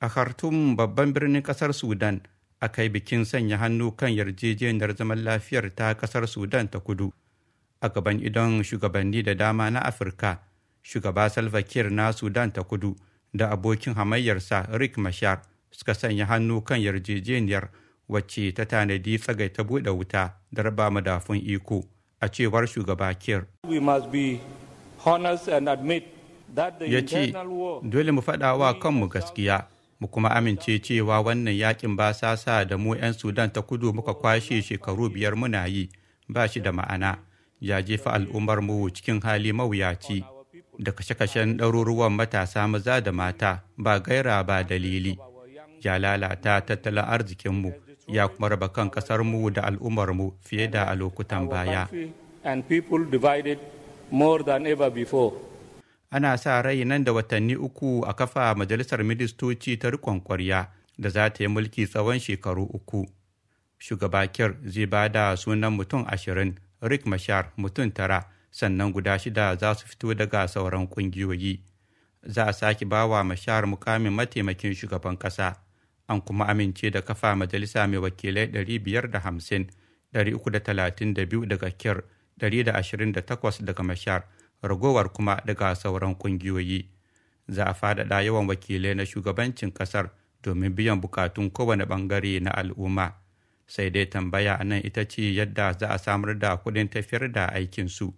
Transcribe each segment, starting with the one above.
a khartoum babban birnin kasar sudan a kai bikin sanya hannu kan yarjejeniyar zaman lafiyar ta kasar sudan ta kudu a gaban idon shugabanni da dama na afirka shugaba salva kiir na sudan ta kudu da abokin hamayyarsa rick mashar suka sanya hannu kan yarjejeniyar wacce ta tanadi tsagai ta buɗe wuta da raba madafun iko a cewar shugaba kir ya ce dole mu faɗa wa kanmu gaskiya mu kuma amince cewa wannan yakin ba sa da mu 'yan sudan ta kudu muka kwashe shekaru biyar muna yi ba shi da ma'ana ya jefa al'ummar mu cikin hali mawuyaci da kashe-kashen ɗaruruwan matasa maza da mata ba gaira ba dalili ya lalata tattalin mu ya kuma raba kan mu da al'ummar mu fiye da a lokutan baya. And people divided more than ever before. ana sa rai nan da watanni uku a kafa majalisar ministoci ta rikon kwarya da za ta yi mulki tsawon shekaru uku shugaba kir zai ba da sunan mutum ashirin rick mashar mutum tara sannan guda shida za su fito daga sauran kungiyoyi za a sake bawa mashar mukamin mataimakin shugaban kasa an kuma amince da kafa majalisa mai wakilai 550 332 daga kir 128 daga mashar ragowar kuma daga sauran kungiyoyi za a faɗaɗa yawan wakilai na shugabancin ƙasar domin biyan bukatun kowane bangare na al'umma sai dai tambaya a nan ita ce yadda za a samar da kuɗin tafiyar da aikinsu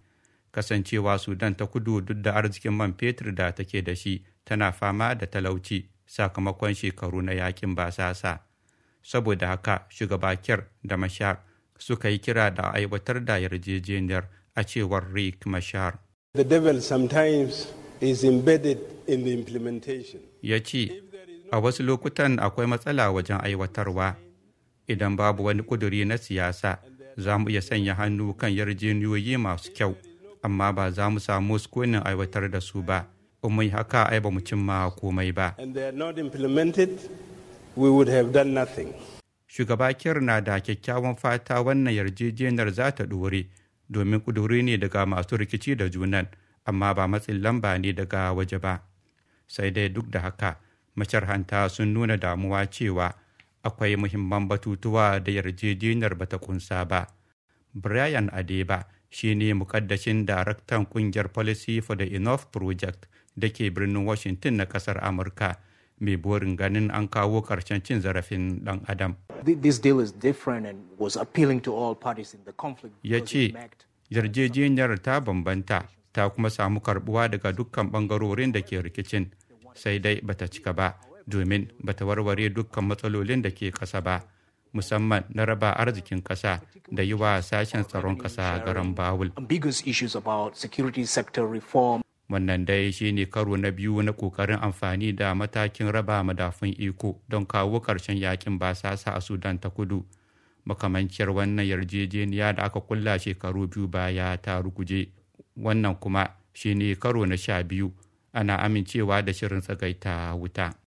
kasancewa sudan ta kudu duk da arzikin man fetur da take da shi tana fama da talauci sakamakon shekaru na yakin basasa saboda haka shugaba da mashar suka yi kira da aiwatar da yarjejeniyar a cewar rick mashar The devil sometimes is embedded in the implementation. Ya ce, a wasu lokutan akwai matsala wajen aiwatarwa. Idan babu wani kuduri na siyasa, za mu iya sanya hannu kan yarjejeniyoyi masu kyau, amma ba za mu samu sukunin aiwatar da su ba. In haka ai ba mu cimma komai ba. Shugaba Kir na da kyakkyawan fata wannan yarjejeniyar za ta ɗore. domin ƙuduri ne daga masu rikici da junan amma ba matsin lamba ne daga waje ba sai dai duk da haka masharhanta sun nuna damuwa cewa akwai muhimman batutuwa da yarjejeniyar bata kunsa ba brian adeba shine mukaddashin daraktan kungiyar policy for the enough project da ke birnin washington na kasar amurka mai burin ganin an kawo karshen cin zarafin dan adam ya ce yarjejeniyar ta bambanta ta kuma samu karbuwa daga dukkan bangarorin da ke rikicin sai dai bata cika ba domin bata warware dukkan matsalolin da ke kasa ba musamman na raba arzikin kasa da yi wa sashen tsaron kasa garan bawul. wannan dai shine karo na biyu na kokarin amfani da matakin raba madafun iko don kawo ƙarshen yakin basasa a sudan ta kudu makamanciyar wannan yarjejeniya da aka kulla shekaru biyu baya ta ruguje wannan kuma shine karo na sha biyu ana amincewa da shirin tsagaita wuta